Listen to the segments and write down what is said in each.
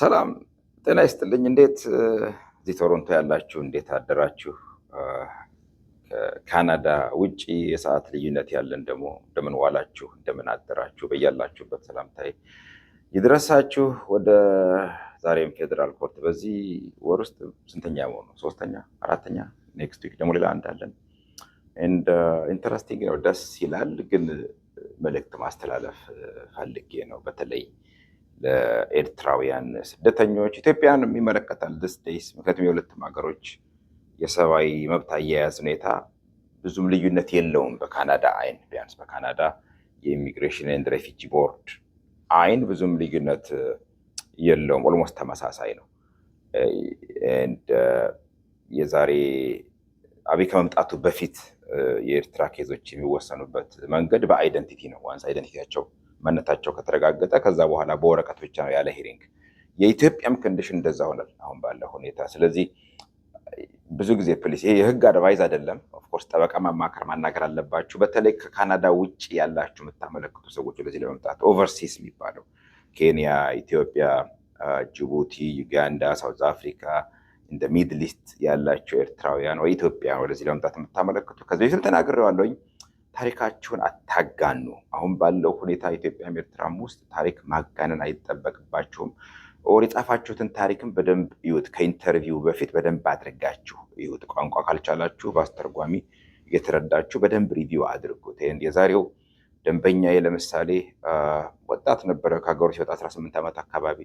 ሰላም ጤና ይስጥልኝ። እንዴት እዚህ ቶሮንቶ ያላችሁ እንዴት አደራችሁ? ከካናዳ ውጭ የሰዓት ልዩነት ያለን ደግሞ እንደምን ዋላችሁ፣ እንደምን አደራችሁ? በያላችሁበት ሰላምታይ ይድረሳችሁ። ወደ ዛሬም ፌዴራል ኮርት በዚህ ወር ውስጥ ስንተኛ መሆኑ ሶስተኛ፣ አራተኛ ኔክስት ዊክ ደግሞ ሌላ አንድ አለን? ኢንተረስቲንግ ነው፣ ደስ ይላል። ግን መልእክት ማስተላለፍ ፈልጌ ነው በተለይ ለኤርትራውያን ስደተኞች ኢትዮጵያንም ይመለከታል ደስደይስ ምክንያቱም የሁለቱም ሀገሮች የሰብአዊ መብት አያያዝ ሁኔታ ብዙም ልዩነት የለውም። በካናዳ አይን ቢያንስ በካናዳ የኢሚግሬሽን ኤንድ ሬፊጂ ቦርድ አይን ብዙም ልዩነት የለውም። ኦልሞስት ተመሳሳይ ነው። የዛሬ አብይ ከመምጣቱ በፊት የኤርትራ ኬዞች የሚወሰኑበት መንገድ በአይደንቲቲ ነው። ዋንስ አይደንቲቲያቸው ማንነታቸው ከተረጋገጠ ከዛ በኋላ በወረቀት ብቻ ነው ያለ ሂሪንግ። የኢትዮጵያም ኮንዲሽን እንደዛ ሆናል አሁን ባለው ሁኔታ። ስለዚህ ብዙ ጊዜ ፖሊስ ይሄ የህግ አድቫይዝ አይደለም። ኦፍኮርስ ጠበቃ ማማከር ማናገር አለባችሁ። በተለይ ከካናዳ ውጭ ያላችሁ የምታመለክቱ ሰዎች ወደዚህ ለመምጣት ኦቨርሲስ የሚባለው ኬንያ፣ ኢትዮጵያ፣ ጅቡቲ፣ ዩጋንዳ፣ ሳውዝ አፍሪካ እንደ ሚድል ኢስት ያላቸው ኤርትራውያን ወይ ኢትዮጵያ ወደዚህ ለመምጣት የምታመለክቱ ከዚህ በፊትም ተናግሬዋለሁኝ ታሪካችሁን አታጋኑ። አሁን ባለው ሁኔታ ኢትዮጵያም ኤርትራም ውስጥ ታሪክ ማጋነን አይጠበቅባችሁም። ኦር የጻፋችሁትን ታሪክም በደንብ እዩት። ከኢንተርቪው በፊት በደንብ አድርጋችሁ እዩት። ቋንቋ ካልቻላችሁ በአስተርጓሚ እየተረዳችሁ በደንብ ሪቪው አድርጉት። የዛሬው ደንበኛዬ ለምሳሌ ወጣት ነበረ። ከሀገሩ ሲወጣ 18 ዓመት አካባቢ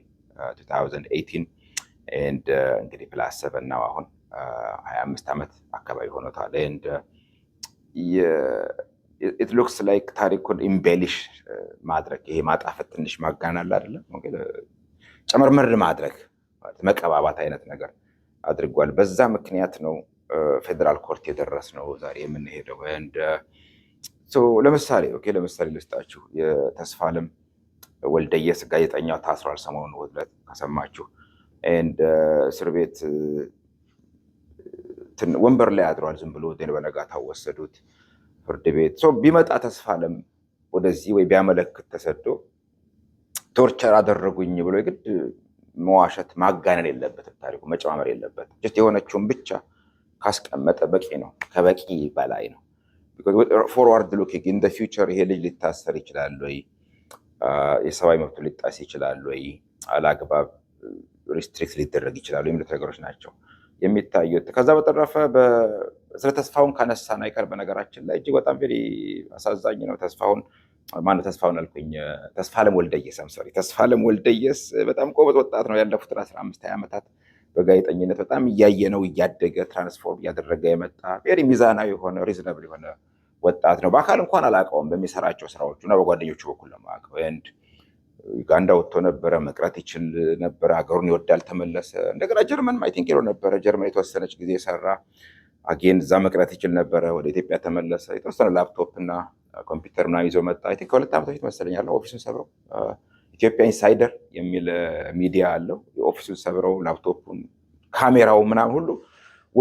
2018 እንግዲህ ፕላስ ሰቨን ነው አሁን 25 ዓመት አካባቢ ሆኖታል። ኢት ሉክስ ላይክ ታሪኩን ኢምቤሊሽ uh, ማድረግ ይሄ ማጣፈት ትንሽ ማጋናል አይደለም ጨመርመር ማድረግ መቀባባት አይነት ነገር አድርጓል። በዛ ምክንያት ነው uh, ፌዴራል ኮርት የደረስ ነው ዛሬ የምንሄደው። ለምሳሌ ለምሳሌ ልስጣችሁ የተስፋለም ወልደየስ ጋዜጠኛው ታስሯል። ሰሞኑን ውድለት ከሰማችሁ uh, እስር ቤት ወንበር ላይ አድሯል። ዝም ብሎ ዜን በነጋታው ወሰዱት። ፍርድ ቤት ሰው ቢመጣ ተስፋ አለም ወደዚህ ወይ ቢያመለክት ተሰዶ ቶርቸር አደረጉኝ ብሎ የግድ መዋሸት ማጋነን የለበትም። ታሪኩ መጨማመር የለበትም። የሆነችውን ብቻ ካስቀመጠ በቂ ነው፣ ከበቂ በላይ ነው። ፎርዋርድ ሉኪንግ ኢን ፊውቸር ይሄ ልጅ ሊታሰር ይችላል ወይ፣ የሰብአዊ መብቱ ሊጣስ ይችላል ወይ፣ አላግባብ ሪስትሪክት ሊደረግ ይችላል የሚሉት ነገሮች ናቸው። የሚታዩት። ከዛ በተረፈ ስለ ተስፋሁን ካነሳን አይቀር በነገራችን ላይ እጅግ በጣም ቬሪ አሳዛኝ ነው። ተስፋሁን ማነው? ተስፋሁን አልኩኝ። ተስፋለም ወልደየስ ምሳሌ ተስፋለም ወልደየስ በጣም ቆበጥ ወጣት ነው። ያለፉትን አስራ አምስት ሀያ ዓመታት በጋዜጠኝነት በጣም እያየነው እያደገ ትራንስፎርም እያደረገ የመጣ ቬሪ ሚዛናዊ የሆነ ሪዝነብል የሆነ ወጣት ነው። በአካል እንኳን አላውቀውም፣ በሚሰራቸው ስራዎቹ እና በጓደኞቹ በኩል ነው ኤንድ ዩጋንዳ ወጥቶ ነበረ። መቅረት ይችል ነበረ። ሀገሩን ይወዳል ተመለሰ። እንደገና ጀርመን አይ ቲንክ ሄዶ ነበረ። ጀርመን የተወሰነች ጊዜ ሰራ። አጌን እዛ መቅረት ይችል ነበረ። ወደ ኢትዮጵያ ተመለሰ። የተወሰነ ላፕቶፕ እና ኮምፒውተር ምናምን ይዞ መጣ። ቲንክ ከሁለት ዓመት በፊት መሰለኝ ያለው ኦፊሱን ሰብረው ኢትዮጵያ ኢንሳይደር የሚል ሚዲያ አለው። የኦፊሱን ሰብረው ላፕቶፑን፣ ካሜራው ምናምን ሁሉ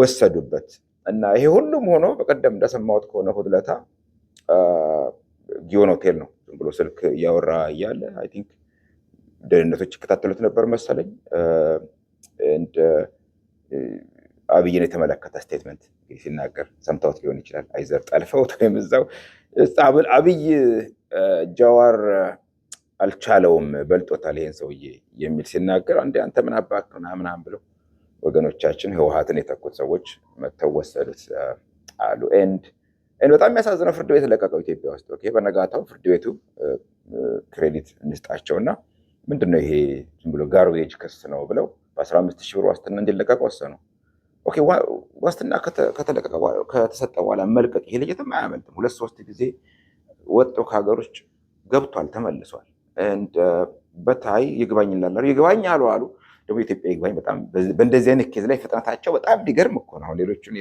ወሰዱበት እና ይሄ ሁሉም ሆኖ በቀደም እንደሰማሁት ከሆነ ሁድለታ ጊዮን ሆቴል ነው ዝም ብሎ ስልክ እያወራ እያለ አይ ቲንክ ደህንነቶች ይከታተሉት ነበር መሰለኝ። እንደ አብይን የተመለከተ ስቴትመንት ሲናገር ሰምታወት ሊሆን ይችላል። አይዘር ጠልፈውት ወይም እዛው አብይ ጃዋር አልቻለውም በልጦታል፣ ይሄን ሰውዬ የሚል ሲናገር አንዴ አንተ ምን አባክህ ምናምን ብለው ወገኖቻችን ህወሀትን የተኩት ሰዎች መተወሰዱት አሉ ኤንድ በጣም የሚያሳዝነው ፍርድ ቤት ለቀቀው ኢትዮጵያ ውስጥ። ኦኬ በነጋታው ፍርድ ቤቱ ክሬዲት እንስጣቸውና ምንድን ነው ይሄ ዝም ብሎ ጋርቤጅ ክስ ነው ብለው በ15 ሺህ ብር ዋስትና እንዲለቀቅ ወሰኑ። ኦኬ ዋስትና ከተለቀቀ ከተሰጠ በኋላ መልቀቅ ይሄ ልጅትም አያመልጥም። ሁለት ሶስት ጊዜ ከሀገር ውጭ ገብቷል ተመልሷል። በታይ ይግባኝ እንላለን ይግባኝ አሉ አሉ ደግሞ ኢትዮጵያ ይግባኝ በጣም በእንደዚህ አይነት ኬዝ ላይ ፍጥነታቸው በጣም ሊገርም እኮ ነው አሁን ሌሎቹን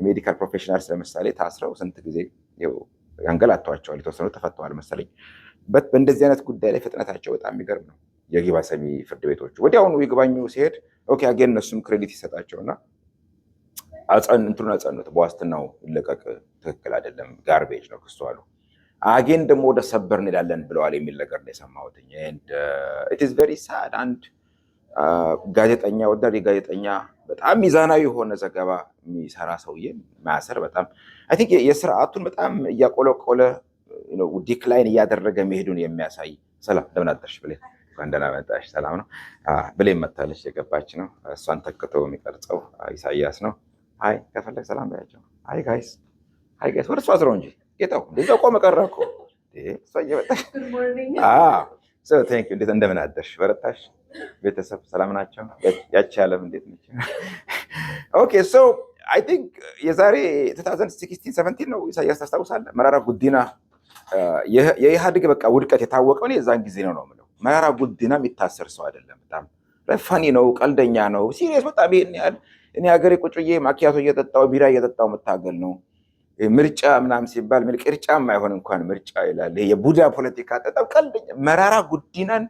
የሜዲካል ፕሮፌሽናልስ ለምሳሌ ታስረው ስንት ጊዜ ያንገላተዋቸዋል። የተወሰኑ ተፈተዋል መሰለኝ። በእንደዚህ አይነት ጉዳይ ላይ ፍጥነታቸው በጣም የሚገርም ነው። የግባ ሰሚ ፍርድ ቤቶቹ ወዲያውኑ ይግባኙ ሲሄድ ኦኬ አገን እነሱም ክሬዲት ይሰጣቸውና እንትኑን አጸኑት። በዋስትናው ይለቀቅ ትክክል አይደለም ጋርቤጅ ነው ክሱ አሉ። አጌን ደግሞ ወደ ሰበር እንሄዳለን ብለዋል የሚል ነገር ነው የሰማሁት። ኢትስ ቨሪ ሳድ አንድ uh, ጋዜጠኛ ወዳድ የጋዜጠኛ በጣም ሚዛናዊ የሆነ ዘገባ የሚሰራ ሰውዬ ማሰር በጣም አይ ቲንክ የስርዓቱን በጣም እያቆለቆለ ዲክላይን እያደረገ መሄዱን የሚያሳይ ሰላም እንደምን አደርሽ ብሌን እንኳን ደህና መጣሽ ሰላም ነው ብሌ መታለች የገባች ነው እሷን ተክቶ የሚቀርጸው ኢሳያስ ነው አይ ከፈለግ ሰላም በያቸው አይ ጋይስ አይ ጋይስ ወደ እሷ ስረው እንጂ ጌታው እንደዚያ ቆመ ቀረ እኮ እሷ እየመጣሽ እንደምን አደርሽ በረታሽ ቤተሰብ ሰላም ናቸው? ያቺ ዓለም እንዴት ነች? ኦኬ ሶ አይ ቲንክ የዛሬ 2016 17 ነው ኢሳያስ ታስታውሳለህ? መራራ ጉዲና የኢህአዴግ በቃ ውድቀት የታወቀው እኔ የዛን ጊዜ ነው ነው የምለው። መራራ ጉዲና የሚታሰር ሰው አይደለም። በጣም ረፋኒ ነው፣ ቀልደኛ ነው፣ ሲሪየስ በጣም ይሄን ያህል እኔ ሀገሬ ቁጭዬ ማኪያቶ እየጠጣው ቢራ እየጠጣው መታገል ነው። ምርጫ ምናምን ሲባል ቅርጫም አይሆን እንኳን ምርጫ ይላል። የቡዳ ፖለቲካ ጠጣም ቀልደኛ መራራ ጉዲናን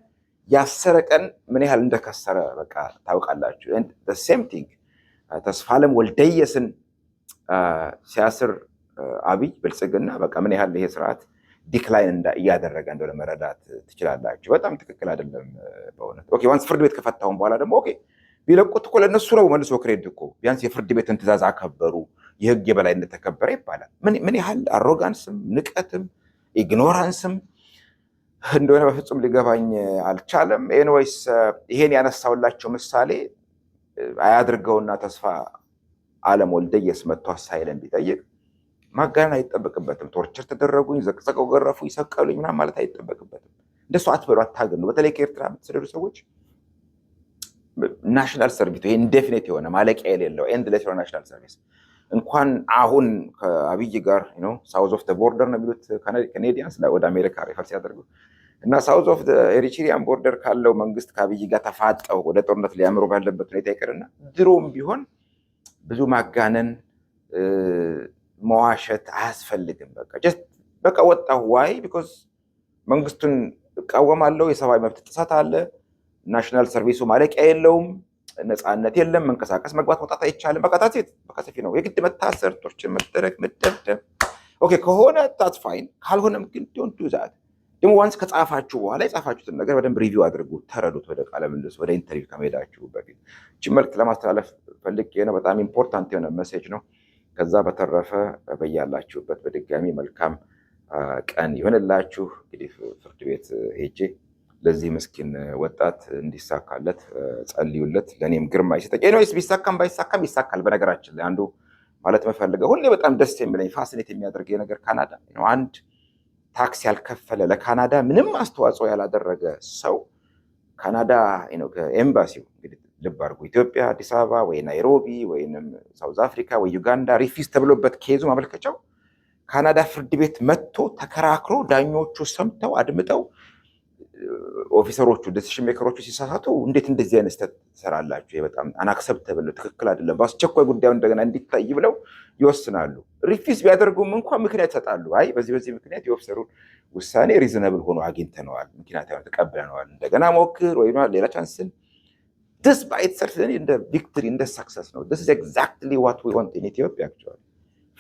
ያሰረ ቀን ምን ያህል እንደከሰረ በቃ ታውቃላችሁ። ሴም ቲንግ ተስፋለም ወልደየስን uh, ሲያስር uh, አብይ ብልጽግና በቃ ምን ያህል ይሄ ስርዓት ዲክላይን እያደረገ እንደሆነ መረዳት ትችላላችሁ። በጣም ትክክል አይደለም uh, በእውነት ኦኬ። ዋንስ ፍርድ ቤት ከፈታሁን በኋላ ደግሞ ኦኬ ቢለቁት እኮ ለእነሱ ነው መልሶ ክሬድ እኮ ቢያንስ የፍርድ ቤትን ትእዛዝ አከበሩ፣ የህግ የበላይነት ተከበረ ይባላል። ምን ያህል አሮጋንስም ንቀትም ኢግኖራንስም እንደሆነ በፍጹም ሊገባኝ አልቻለም። ኤንወይስ ይሄን ያነሳውላቸው ምሳሌ አያድርገውና ተስፋ አለም ወልደየስ መጥቶ አሳይለን ቢጠይቅ ማጋነን አይጠበቅበትም። ቶርቸር ተደረጉኝ፣ ዘቅዘቀው፣ ገረፉ፣ ይሰቀሉኝ ምናምን ማለት አይጠበቅበትም። እንደሱ አትበሉ፣ አታገኑ። በተለይ ከኤርትራ የምትሰደዱ ሰዎች ናሽናል ሰርቪስ ይሄ ኢንዴፊኒት የሆነ ማለቂያ የሌለው ኤንድለስ የሆነ ናሽናል ሰርቪስ እንኳን አሁን ከአብይ ጋር ሳውዝ ኦፍ ቦርደር ነው የሚሉት ካናዲያንስ ወደ አሜሪካ ሪፈር ሲያደርገው እና ሳውዝ ኦፍ ኤሪትሪያን ቦርደር ካለው መንግስት ከአብይ ጋር ተፋጠው ወደ ጦርነት ሊያምሩ ባለበት ሁኔታ ይቅርና ድሮም ቢሆን ብዙ ማጋነን መዋሸት አያስፈልግም። በቃ ጀስት በቃ ወጣሁ ዋይ ቢኮዝ መንግስቱን እቃወማለሁ፣ የሰብአዊ መብት ጥሰት አለ፣ ናሽናል ሰርቪሱ ማለቂያ የለውም፣ ነፃነት የለም፣ መንቀሳቀስ መግባት መውጣት አይቻልም። በቃ ታሴት በቃ ሰፊ ነው የግድ መታሰር፣ ቶርችን መደረግ፣ መደብደብ ኦኬ ከሆነ ፋይን ካልሆነም ግን ዶንት ዱ ዛት ደግሞ ዋንስ ከጻፋችሁ በኋላ የጻፋችሁትን ነገር በደንብ ሪቪው አድርጉ፣ ተረዱት። ወደ ቃለ ምልልስ ወደ ኢንተርቪው ከመሄዳችሁ በፊት እቺ መልዕክት ለማስተላለፍ ፈልጌ ነው። በጣም ኢምፖርታንት የሆነ መሴጅ ነው። ከዛ በተረፈ በያላችሁበት በድጋሚ መልካም ቀን ይሆንላችሁ። እንግዲህ ፍርድ ቤት ሄጄ ለዚህ ምስኪን ወጣት እንዲሳካለት ጸልዩለት፣ ለእኔም ግርማ ይሰጠኝ። ኤኒዌይስ ቢሳካም ባይሳካም ይሳካል። በነገራችን ላይ አንዱ ማለት መፈልገው ሁሌ በጣም ደስ የሚለኝ ፋሲኔት የሚያደርገኝ ነገር ካናዳ አንድ ታክስ ያልከፈለ ለካናዳ ምንም አስተዋጽኦ ያላደረገ ሰው ካናዳ ኤምባሲው እንግዲህ ልብ ኢትዮጵያ አዲስ አበባ ወይ ናይሮቢ ወይም ሳውዝ አፍሪካ ወይ ዩጋንዳ ሪፊዝ ተብሎበት ከይዙ ማመልከቻው ካናዳ ፍርድ ቤት መጥቶ ተከራክሮ ዳኞቹ ሰምተው አድምጠው ኦፊሰሮቹ ዲሲሽን ሜከሮቹ ሲሳሳቱ እንዴት እንደዚህ አይነት ስህተት ትሰራላችሁ? በጣም አናክሰብተብል ነው፣ ትክክል አይደለም፣ በአስቸኳይ ጉዳዩ እንደገና እንዲታይ ብለው ይወስናሉ። ሪፊዝ ቢያደርጉም እንኳን ምክንያት ይሰጣሉ። አይ በዚህ በዚህ ምክንያት የኦፊሰሩን ውሳኔ ሪዝነብል ሆኖ አግኝተነዋል፣ ምክንያት ተቀብለነዋል፣ እንደገና ሞክር ወይ ሌላ ቻንስን ስ ባይትሰልፍ እንደ ቪክትሪ እንደ ሳክሰስ ነው። ስ ኤግዛክትሊ ዋት ዊ ዋንት ኢን ኢትዮጵያ።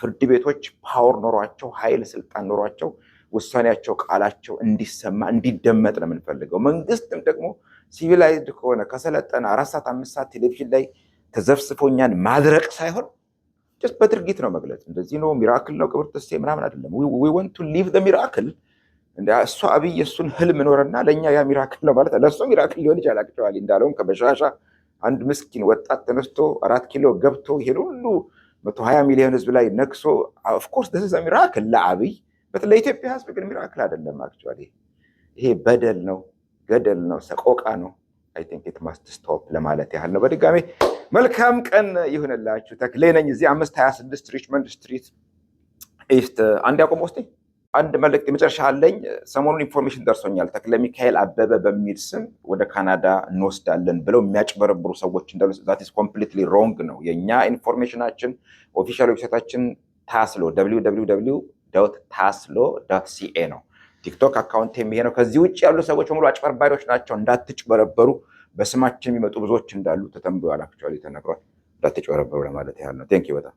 ፍርድ ቤቶች ፓወር ኖሯቸው ሀይል ስልጣን ኖሯቸው ውሳኔያቸው፣ ቃላቸው እንዲሰማ እንዲደመጥ ነው የምንፈልገው። መንግስትም ደግሞ ሲቪላይዝድ ከሆነ ከሰለጠነ አራት ሰዓት አምስት ሰዓት ቴሌቪዥን ላይ ተዘፍስፎኛን ማድረቅ ሳይሆን ጀስት በድርጊት ነው መግለጽ። እንደዚህ ነው ሚራክል ነው ቅብር ተስ ምናምን አይደለም። ዊ ወንት ቱ ሊቭ ዘ ሚራክል እሱ አብይ እሱን ህልም ኖረና ለእኛ ያ ሚራክል ነው ማለት ለእሱ ሚራክል ሊሆን ይችላል። አክቸዋሊ እንዳለውም ከበሻሻ አንድ ምስኪን ወጣት ተነስቶ አራት ኪሎ ገብቶ ይሄን ሁሉ መቶ ሀያ ሚሊዮን ህዝብ ላይ ነግሶ ኦፍኮርስ ደስ ሚራክል ለአብይ ለኢትዮጵያ ህዝብ ግን ሚራክል አይደለም። አክቹዋሊ ይሄ በደል ነው፣ ገደል ነው፣ ሰቆቃ ነው። አይ ቲንክ ኢት ማስት ስቶፕ ለማለት ያህል ነው። በድጋሚ መልካም ቀን ይሁንላችሁ። ተክሌ ነኝ እዚህ አምስት ሀያ ስድስት ሪችመንድ ስትሪት ኢስት። አንድ ያቆም ውስጤ አንድ መልእክት የመጨረሻ አለኝ። ሰሞኑን ኢንፎርሜሽን ደርሶኛል ተክለ ሚካኤል አበበ በሚል ስም ወደ ካናዳ እንወስዳለን ብለው የሚያጭበረብሩ ሰዎች እንዳሉ ዛት ኮምፕሊትሊ ሮንግ ነው። የእኛ ኢንፎርሜሽናችን ኦፊሻል ዌብሳይታችን ታስሎ ዶት ታስሎ ዶት ሲኤ ነው ቲክቶክ አካውንት የሚሄ ነው። ከዚህ ውጭ ያሉ ሰዎች በሙሉ አጭበርባሪዎች ናቸው፣ እንዳትጭበረበሩ። በስማችን የሚመጡ ብዙዎች እንዳሉ ተተንብዋል፣ አክቹዋሊ ተነግሯል። እንዳትጭበረበሩ ለማለት ያህል ነው። ቴንክ ዩ በጣም